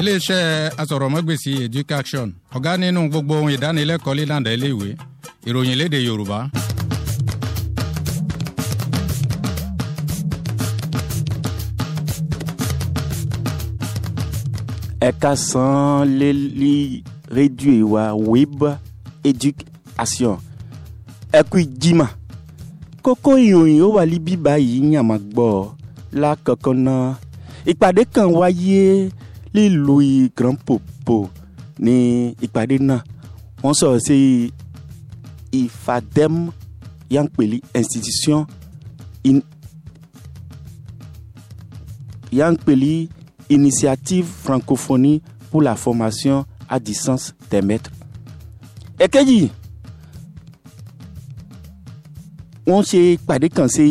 iléeṣẹ́ asọ̀rọ̀mọ́gbèsì education ọ̀gá nínú gbogbo ohun ìdánilẹ́kọ̀ọ́ lílànà iléèwé ìròyìn léde yorùbá. ẹ̀ka san lélí rédíò ìwà web education ẹ̀kú ìjìmà kókó ìròyìn ó wà níbí báyìí yàmà gbọ́ lákọ̀ọ́kọ́ náà ìpàdé kan wáyé lílu grand popo ní ìpàdé náà wọ́n sọ̀rọ̀ sí ìfàdẹ́m yànpẹ̀lì institution in yànpẹ̀lì initiative francophonie pour la formation à distance des maîtres. èkejì wọ́n ṣe ìpàdé kan sí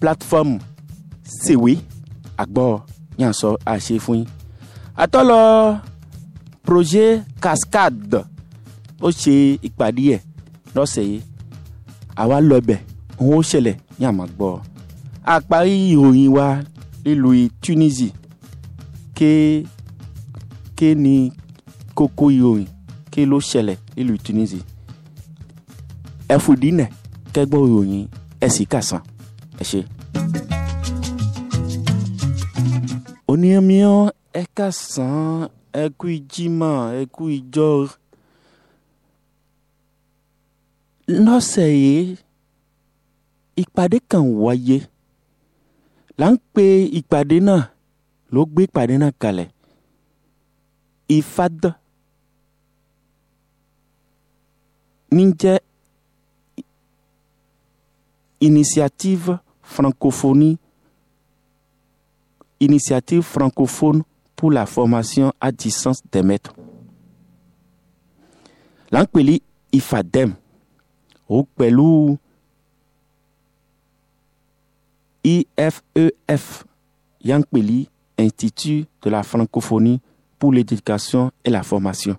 platform sèwé àgbọ̀ yànsọ́ àṣẹ fún yín atɔ projet cascade ó ṣe ìpàdé ẹ̀ lọ́sẹ̀ yìí àwa lọ bẹ̀ òun ó ṣẹlẹ̀ ní àmọ́ gbọ́ àparí ìròyìn wa nílùú Tunisia ké ké ni kókó ìròyìn ké ló ṣẹlẹ̀ nílùú Tunisia ẹ fòdínà kẹ́gbọ́ ìròyìn ẹ sì kàsán ẹ ṣe. oníyanmíyàn ẹ káàsán ẹ kú ìjímọ̀ ẹ kú ìjọ lọ́sẹ̀ yìí ìpàdé kan wáyé là ń pe ìpàdé náà ló gbé ìpàdé náà kalẹ̀ ìfadọ́ ní initiative francophonie initiative francophone pour la formation à distance des maîtres. L'ankweli ifadem, ou IFEF, e Yankweli, Institut de la francophonie pour l'éducation et la formation.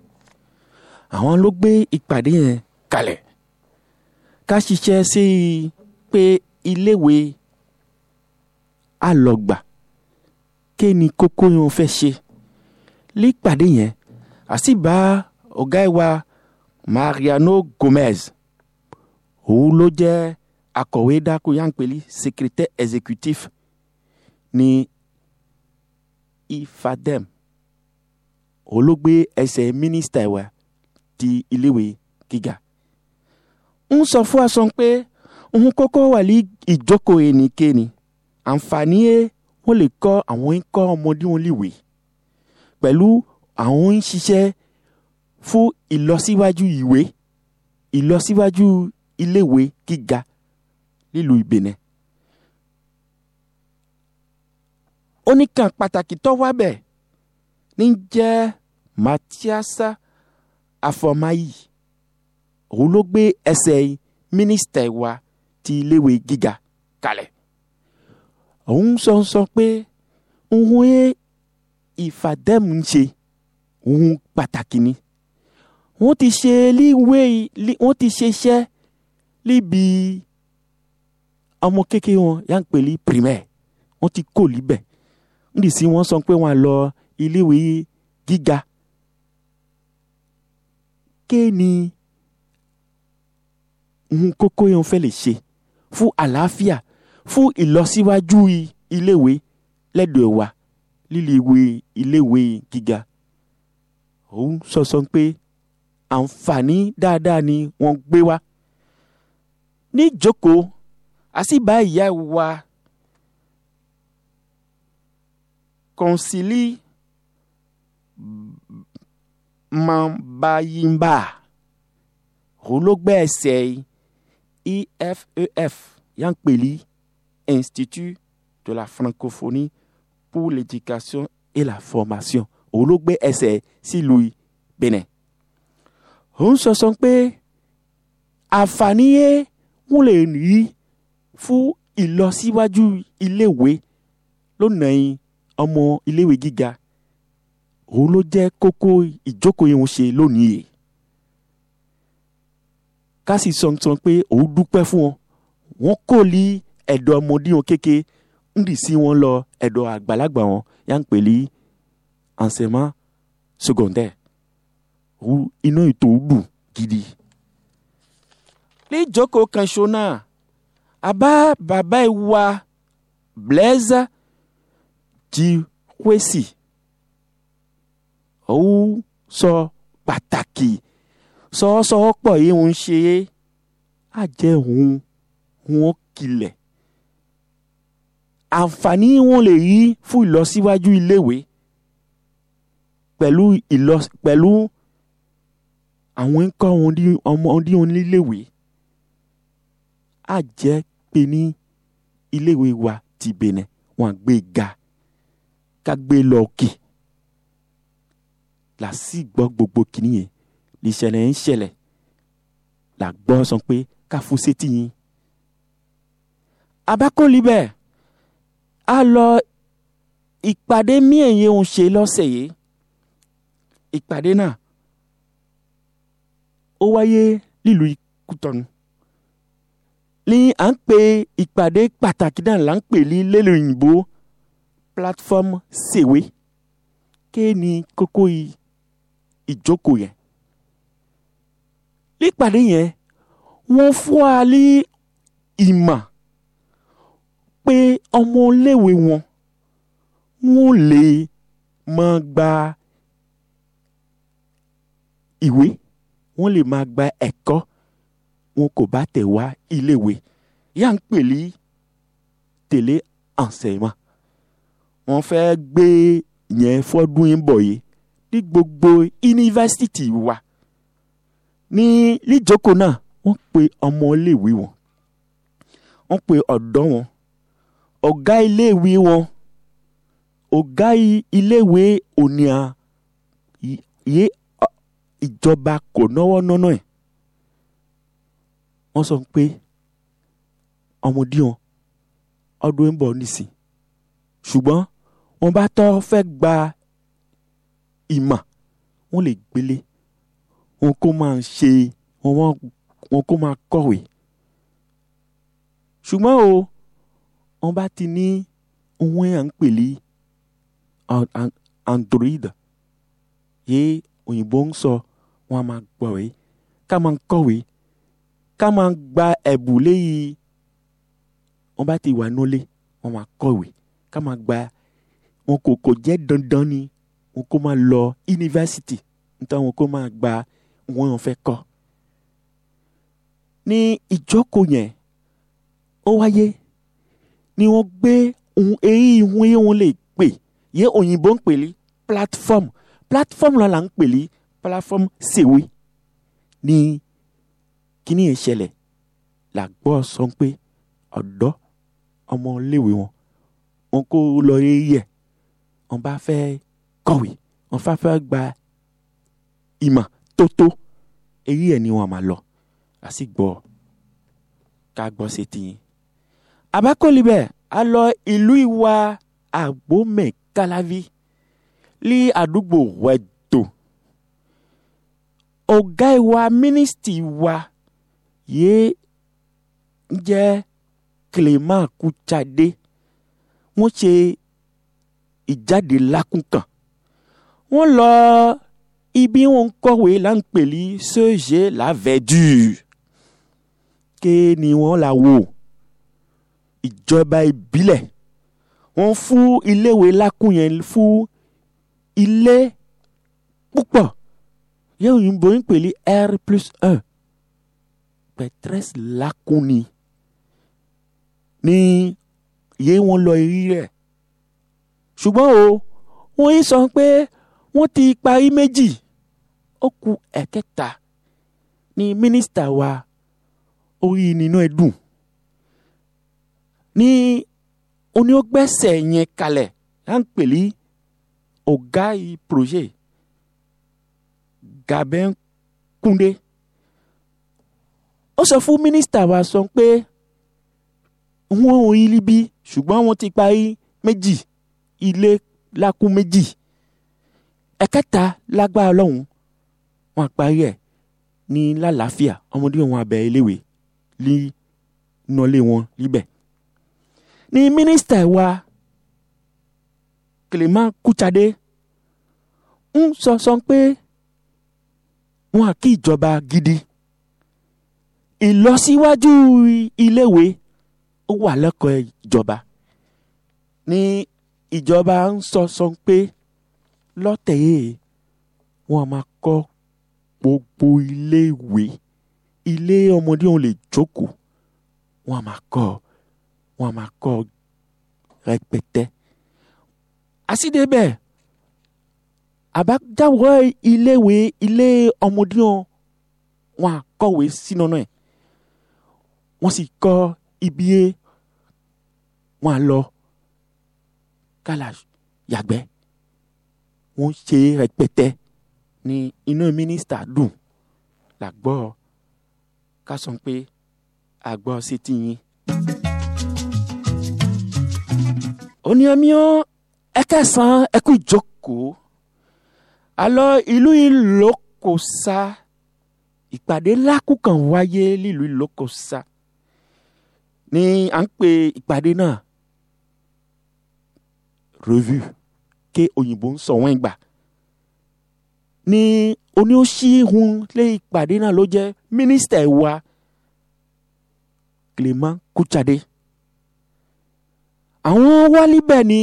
àwọn ló gbé ìpàdé yẹn kalẹ̀ ká ṣiṣẹ́ sí i pé iléèwé ké ni kókó yẹn o fẹ́ ṣe lípàdé yẹn àsìbá ọ̀gá ẹ̀ wa Mariano Gomez òun ló jẹ́ akọ̀wé dáko yánpẹ̀lì secrétaire exécutif ní ifadem olóògbé ẹsẹ̀ mínísítà wa ti iléèwé gíga ń sọ fún wa sọ pé òun kọ́kọ́ wà ní ìjókòó ẹnikẹ́ni àǹfààní ẹ̀ wọ́n lè kọ́ àwọn ń kọ́ ọmọdé wọn léwe pẹ̀lú àwọn ń ṣiṣẹ́ fún ìlọsíwájú ìwé ìlọsíwájú iléèwé gíga nílùú Ìbẹ̀nẹ̀. oníkan pàtàkì tó wá bẹ̀ ní jẹ́ Mathiasa Afọmáyì òun ló gbé ẹsẹ̀ mínísítà wa ti iléèwé gíga kalẹ̀ òun sọ sọ pé òun ẹ ìfàdẹ́mù ń ṣe òun pàtàkì ni wọ́n ti ṣe líwé wọ́n ti ṣe iṣẹ́ níbi ọmọ kékeré wọn yà ń pè ní primaire wọ́n ti kò líbẹ̀ níbi sí wọ́n sọ pé wọ́n á lọ iléèwé gíga ké ni ohun kókó yẹn fẹ́ lè ṣe fún àlàáfíà fún ìlọsíwájú iléèwé lẹ́dọ̀ wa líléèwé iléèwé gíga òun sọ̀sọ̀ pé àǹfààní dáadáa ni wọ́n gbé wá ní ìjókòó àsìbá ìyá wa kọ̀ǹsìlì mambayimba òun ló gbé ẹsẹ̀ efef yá pèlí. Institut de la Francophonie pour l'éducation et la formation òun ló gbé ẹsẹ̀ sílùú Benin òun sọsọ pé àǹfààní yẹn wọ́n lè rí fún ìlọsíwájú iléèwé lọ́nà ọmọ iléèwé gíga òun ló jẹ́ kókó ìjókòó yẹn ń ṣe lónìí yìí ká sì sọ pé òun dúpẹ́ fún wọn wọ́n kò lè ẹ̀dọ̀ ọmọdé wọn kéke ń dì sí wọn lọ ẹ̀dọ̀ àgbàlagbà wọn yà ń pèlí enseignement secondaire wú iná ètò òdù gidi. níjókòó kan ṣo náà àbá bàbá ẹ wá Blaise Jíwèsì òun sọ pàtàkì sọ́ọ́sọ́ọ́ pọ̀ yìí ń ṣe é àjẹ́ òun wọn kilẹ̀ àǹfààní wọn lè rí fún ìlọsíwájú iléèwé pẹ̀lú ìlọ pẹ̀lú àwọn ńkọ́ ọmọ ọdí oníléèwé á jẹ́ pé ní iléèwé wa ti bẹ̀nẹ̀ wọn gbé ga ká gbé lọ òkè là sì gbọ́ gbogbo kìnìyẹn ìṣẹ̀lẹ̀ ń ṣẹlẹ̀ là gbọ́ sọ pé ká fún sétí yín abákòlì bẹ́ẹ̀ a lọ ìpàdé míẹ̀yẹ ń ṣe lọ́sẹ̀ yìí ìpàdé náà ó wáyé nílùú Kútọ̀nù ní à ń pe ìpàdé pàtàkì náà là ń pè ní lélẹ̀ òyìnbó platform sèwé ké ni kókó ìjókòó yẹn nípàdé yẹn wọ́n fún wa ní ìmọ̀ pé ọmọléèwé wọn wọn lè máa gba ìwé wọn lè máa gba ẹ̀kọ́ wọn kò bá tẹ̀ wá iléèwé yá ń pèlí tẹ̀lé enseignement wọn fẹ́ gbé yẹn fọ́dún yín bọ̀ yìí ní gbogbo yunifásitì wa ní níjókòó náà wọ́n pe ọmọléèwé wọn wọ́n pe ọ̀dọ́ wọn ọ̀gá iléèwé wọn ọ̀gá iléèwé òníà yé ìjọba kò náwó náná ẹ̀ wọ́n sọ pé ọmọdé wọn ọdún ń bọ̀ nísìn ṣùgbọ́n wọ́n bá tọ́ fẹ́ gba ìmọ̀ wọ́n lè gbélé wọn kò máa ṣe wọn kò máa kọ̀wé ṣùgbọ́n o wọ́n bá ti ní ohun à ń pè ní android yé òyìnbó ń sọ wọ́n á máa gbọ̀wé ká máa kọ̀wé ká máa gba ẹ̀bù léyìí wọ́n bá ti wà nólé wọ́n máa kọ̀wé ká máa gba wọn kò kò jẹ́ dandan ni wọn kò máa lọ yunifásitì nítorí wọn kò máa gba wọn yàn fẹ́ kọ́ ní ìjókòó yẹn ó wáyé ni wọ́n gbé eyín ìhun yé lè pè yé òyìnbó ń pèlè platform platform la ń pèlè platform sèwé Ni, kíní yẹn ṣẹlẹ̀ là gbọ́ sọ pé ọ̀dọ́ ọmọléèwé wọn wọn kó lọ rí yẹ wọn bá fẹ́ kọ̀wé wọn fẹ́ fẹ́ gba ìmọ̀ tó tó èyí ẹ̀ ni wọn máa lọ àsìgbọ́ ká gbọ́ sétí yín. Aba Kolibɛ alɔ ìlú Ìwà Àgbómẹ̀ Kalavi li àdúgbò Wẹ̀tò. Ọ̀gá ìwà mínísítì wa ye jẹ́ Clement Kuchade. Wọ́n ṣe ìjáde lákùn kan. Wọ́n ibi wọn kọ̀wé là ń pè ní Sèche Lavẹ́dù. Ké ni wọ́n la wò ìjọba ìbílẹ̀ wọ́n fún iléèwé lákùn yẹn fún ilé púpọ̀ yẹ́n òyìnbó ń pè ní r plus un petres lákùn ni ní yé wọn lọ rí rẹ̀ ṣùgbọ́n o wọ́n yìí sọ pé wọ́n ti parí méjì ó ku ẹ̀kẹta ni mínísítà wa orí nínú ẹ̀dùn ní oní ó gbẹ́sẹ̀ yẹn kalẹ̀ à ń pèlí ọ̀gá yìí projet Gaben Kunde ó sọ fún mínísítà wa sọ pé wọn ò yí libi ṣùgbọ́n wọn ti parí méjì ilé lákú méjì ẹ̀kẹta lágbára ọlọ́run wọn parí ẹ̀ ní lálàáfíà ọmọdé wọn abẹ iléèwé ní nọlé wọn níbẹ̀. Ni mínísítà wa Clement Kuchade ń sọ sọ pé wọn à kí ìjọba gidi ìlọsíwájú iléèwé ó wà lẹ́kọ̀ọ́ ìjọba Ni ìjọba ń sọ sọ pé lọ́tẹ̀ yìí wọ́n máa kọ́ gbogbo iléèwé ilé ọmọdé òun lè jókòó wọ́n máa kọ́ ọ wọn máa kọ́ rẹpẹtẹ. àsídẹ́bẹ̀ àbájáwọ́ iléèwé ilé ọmọdé wọn wọn àkọ̀wé sínú náà wọ́n sì kọ́ ibi yé wọn lọ kálá yàgbẹ́ wọ́n ṣe rẹpẹtẹ ní inú mínísítà dùn làgbọ́ ká sọ pé àgbọ̀ sí ti yín oníyàmíọ́ ẹ̀kẹsàn ẹ̀kú ìjókòó alọ́ ìlú ìlókòsá ìpàdé ńlá kúkan wáyé lílùú ìlókòsá ni à ń pè ìpàdé náà revue ké òyìnbó ń sọ wọ́n gbà ní oníṣíhun lé ìpàdé náà ló jẹ́ mínísítà wa Clément Kútchadé àwọn wá níbẹ̀ ni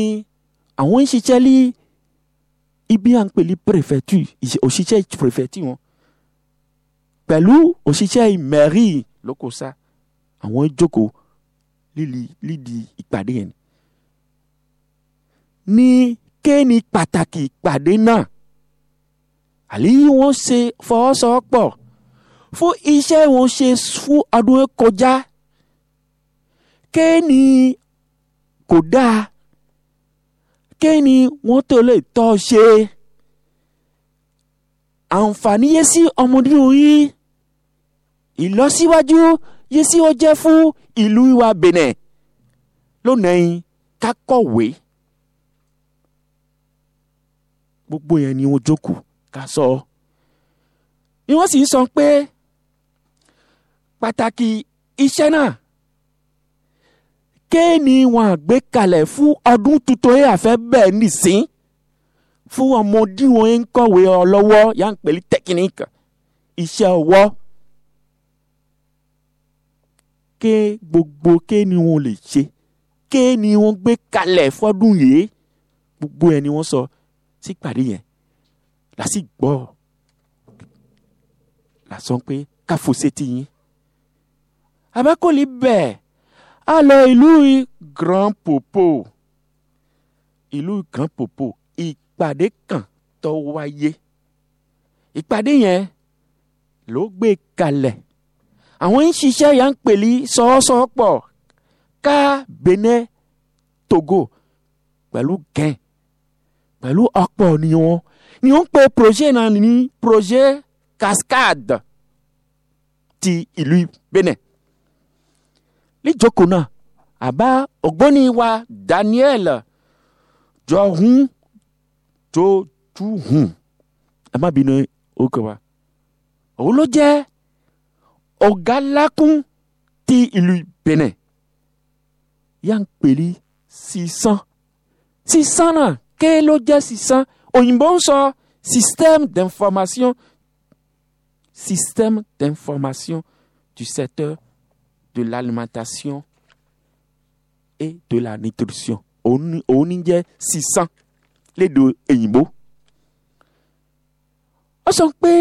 àwọn ń ṣiṣẹ́ ní ibi à ń pè ní préfectu òṣìṣẹ́ préfectu wọn pẹ̀lú òṣìṣẹ́ mairie lókòsá àwọn jókòó lídìí ìpàdé yẹn ní kéènì pàtàkì ìpàdé náà àlíyí wọn ṣe fọwọ́sowọ́pọ̀ fún iṣẹ́ wọn ṣe fún ọdún kọjá kéènì kò dáa kí ni wọ́n tó lè tọ́ ṣe àǹfààní yé sí ọmọ dúdú yìí ìlọsíwájú yé sí ó jẹ́ fún ìlú wa Benin lónìí ká kọ̀wé gbogbo yẹn ni wọ́n jókòó ká sọ ni wọ́n sì ń sọ pé pàtàkì iṣẹ́ náà kéènì wọn àgbékalẹ̀ fún ọdún tuntun yẹn àfẹ́ bẹ́ẹ̀ nìsín fún ọmọdé wọn ń kọ̀wé ọlọ́wọ́ yà ń pèlí tẹkíníkì iṣẹ́ ọwọ́ ké gbogbo kéènì wọn lè ṣe kéènì wọn gbé kalẹ̀ fọ́dún yìí gbogbo ẹ̀ ni wọ́n sọ sípàdé yẹn làásì gbọ́ làásán pé káfọ́sẹ́ ti yín abẹ́kọ̀lì bẹ́ẹ̀. Alors, ìlú Grand Popo ìlú Grand Popo ìpàdé kan tó wáyé ìpàdé yẹn ló gbé kalẹ̀ àwọn ń ṣiṣẹ́ yà ń pèlí sọ́ọ́sọ́pọ̀ ká Benin Togo pẹ̀lú gẹ̀ẹ́n pẹ̀lú ọ̀pọ̀ ni wọn ni wọ́n pe projet náà ní projet cascade ti ìlú Benin lijoko náà àbá ọ̀gbọ́nì wa Daniel jọ hun tó tú hun ẹ má bínú orúkọ wa òun ló jẹ́ ọ̀gá lákún ti ìlú Benin yà ń pèlí sísan sísan náà ké ló jẹ́ sísan òyìnbó ń sọ système d'information système d'information du secteur de l'alimentation et de la nutrition òun ní 600 les deux animaux. òyìnbó ó sọ pé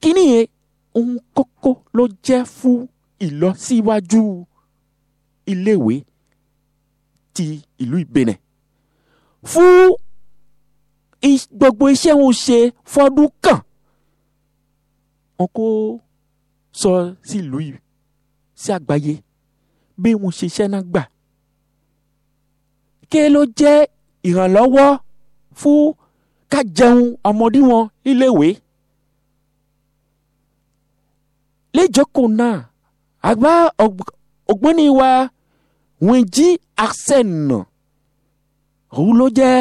kíní yẹn ohun kókó ló jẹ́ fún ìlọsíwájú iléèwé ti ìlú ìbẹ̀nẹ̀ fún gbogbo iṣẹ́ wọn ṣe fọ́dún kan wọn kó sọ sí ìlú yìí sí àgbáyé bí mo ṣe iṣẹ́ náà gbà ké ló jẹ́ ìrànlọ́wọ́ fún ká jẹun ọmọdé wọn níléèwé lẹ́jọ́kọ̀ náà àgbà ọ̀gbọ́n wa wọ́n jí àṣẹ̀nà òun ló jẹ́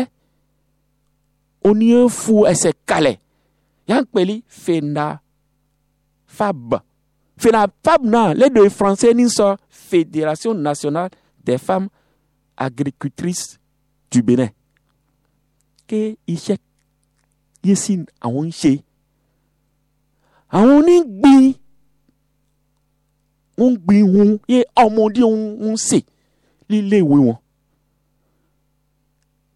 oníyẹn fu ẹsẹ̀ kalẹ̀ yà ń pèlí fèndà fàbà fela fam na le do français ni sọ fédération nationale des femmes agricultrices du Benin ké iṣẹ́ yé sí àwọn ń ṣe àwọn onígbìn ń gbìn wọn yé ọmọdé ń sè lílé ìwé wọn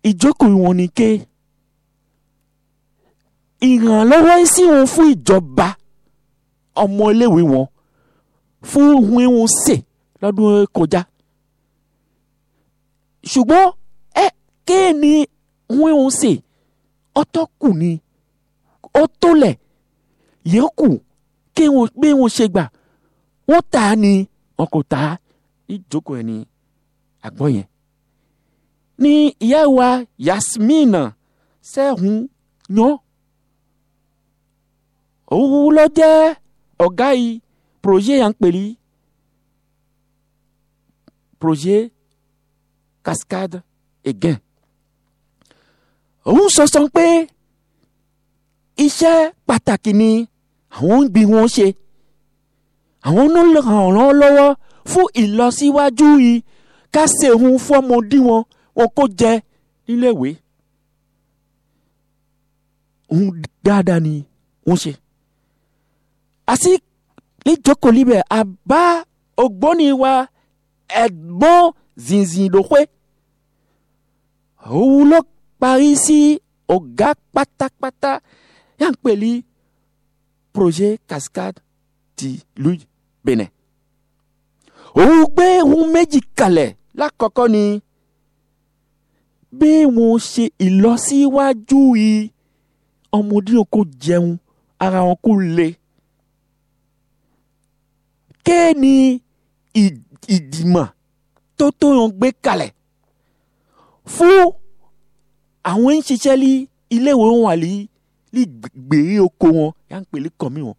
ìjókòó wọn ni ké ìrànlọ́wọ́ sí wọn fún ìjọba ọmọ iléèwé wọn fún wíwọ́n sè lọ́dún kọjá ṣùgbọ́n ẹ kéènì wíwọ́n sè ọtọ́kù ni ó tólẹ̀ yẹ́kù kéwọn gbé wọn ṣe gbà wọ́n tà á ni wọn kò tà á ìjókòó ẹni àgbọ̀ yẹn ní ìyá wa Yasmina sẹ́hun yan òun orgayi projet yang kpeli projet cascade et gain òun sọ sọ pé iṣẹ́ pàtàkì ni àwọn bí wọ́n ṣe àwọn ló ń ràn án lọ́wọ́ fún ìlọsíwájú yìí ká ṣe òun fún ọmọdé wọn wọn kò jẹ níléèwé òun dáadáa ni wọ́n ṣe asi lijoko libe aba ogboni wa ẹ̀gbọ́n zinzin lókwe òun ló parí sí ọ̀gá pátápátá yà ń pè projet cascade ti louis benin òun gbé ohun méjì kalẹ̀ lákọ̀ọ́kọ́ ni bí wọ́n ṣe ìlọsíwájú yìí ọmọdé wọn jẹun ara wọn kò le kéènì ìgbìmọ̀ tó tó yàn gbé kalẹ̀ fún àwọn ń ṣiṣẹ́ ní ilé ìwé wọn àlè ní gbèrè oko wọn yà ń pèlè kànmí wọn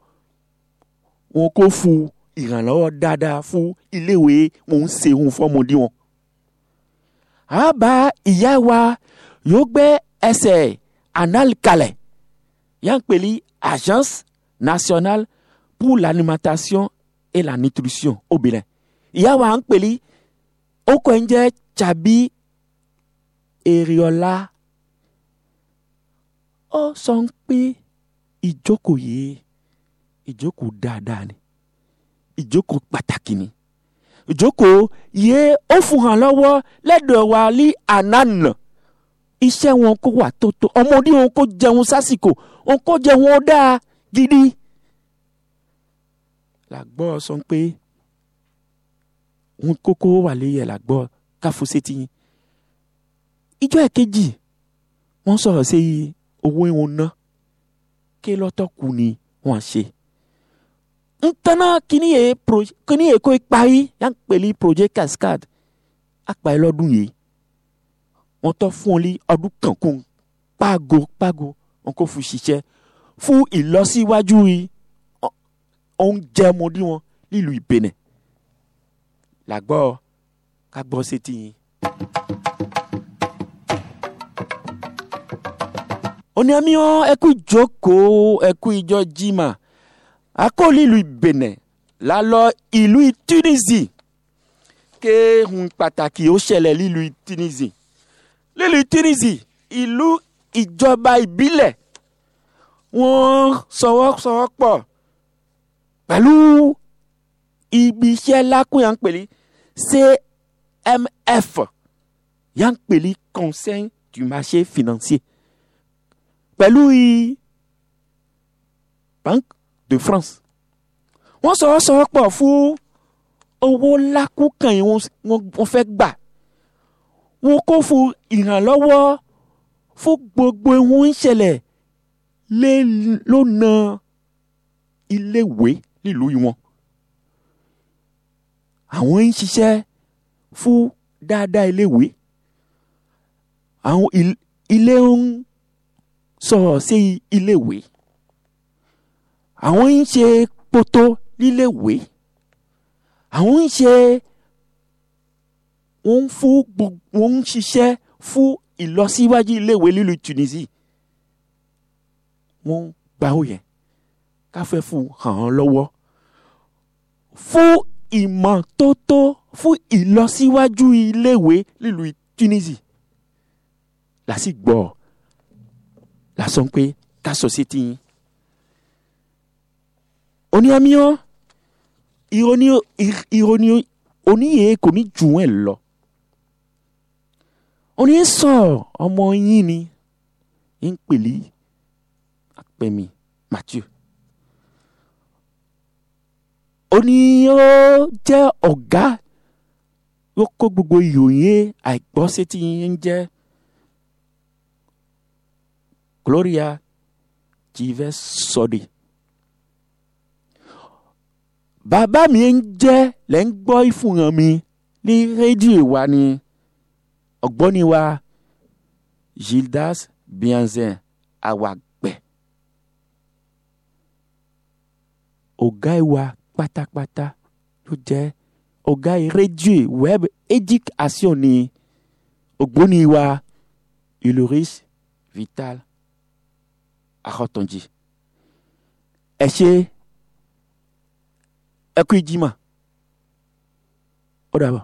wọn kò fún ìrànlọ́wọ́ dáadáa fún ilé ìwé wọn ń ṣe ohun fọ́mọdé wọn. àbá ìyá wa yóò gbé ẹsẹ̀ anal kalẹ̀ yà ń pèlè agence nationale pour l'alimentation et la nutrition au Bénin. Yawa Ankpeli, Okwenje Chabi Eriola, ó sọ pé ìjókòó yìí ìjókòó dáadáa ni ìjókòó pàtàkì ni ìjókòó yìí ó fún hàn lọ́wọ́ lẹ́dọ̀ wa ní ànánà iṣẹ́ wọn kó wà tó tó ọmọdé wọn kó jẹun sásìkò wọn kó jẹun ó dáa gidi làgbọ́ sọ pé òun kókó wà léyẹ̀ làgbọ́ káfó sétí yín ìjọ ẹ̀kejì wọ́n sọ̀rọ̀ sí owó ìwọ̀n ná ké lọ́tọ̀ kù ni wọ́n ṣe ntana kini ye pro kini ye ko ikpayi yan pèlí projet cascade akpayi lọ́dún yìí wọ́n tọ́ fún ọlí ọdún kankun paago paago wọn kò fún ṣiṣẹ́ fún ìlọsíwájú yìí ó ń jẹ́ ọmọdé wọn nílùú ìbẹ̀nẹ̀ làgbọ́ ká gbọ́ sétí yín. òní àmì ọ ẹkú ìjókòó ẹkú ìjọ jimá akóòlì ìlú ìbẹ̀nẹ̀ lálọ́ ìlú Tunisi kéhun pàtàkì ó ṣẹlẹ̀ nílùú Tunisi nílùú Tunisi ìlú ìjọba ìbílẹ̀ wọ́n sọwọ́sọwọ́ pọ̀ pẹ̀lú ibi iṣẹ́ lákùn yà ń pèlè CMF yà pèlè Conseil du marché financier pẹ̀lú i Banque de France wọ́n sọ sọ pọ̀ fún owó lákùnkàn yìí wọ́n fẹ́ gbà wọ́n kó fún ìrànlọ́wọ́ fún gbogbo ìwọ̀n ń ṣẹlẹ̀ lónà iléèwé nílùú wọn àwọn ń ṣiṣẹ́ fún dáadáa iléèwé àwọn ilé ń sọ̀rọ̀ sí iléèwé àwọn ń ṣe pòtó níléèwé àwọn ń ṣe wọ́n ń fún wọ́n ń ṣiṣẹ́ fún ìlọsíwájú iléèwé lílu Tunisia wọ́n gbàwó yẹn káfẹ́ fún hàn án lọ́wọ́ fún ìmọ̀tótó fún ìlọsíwájú iléèwé nílùú Tunisi làásì gbọ́ lásán pé ká sọ sí tiyín oníyàmíyàn ìròní ìròní oníyè kò ní jù ẹ lọ oníyè sọ ọmọ yín ni ń pèlí àpẹmí Mathieu ó ní ó jẹ́ ọ̀gá ló kó gbogbo ìròyìn àìgbọ́sétí ń jẹ́ gloria jìvẹ́ sọ́dẹ̀. bàbá mi ń jẹ́ lẹ́ ń gbọ́ ìfúnran mi ní rédíò wa ni ọ̀gbọ́ni wa gildas bianzen awàgbẹ́ ọ̀gá ìwà pátápátá ló jẹ́ ọ̀gá rédíò web education ní ògbóni wa Ulrich Vital Akọ́tọ̀njì ẹ ṣe ẹ kú ìjímọ̀ ó dàbọ̀.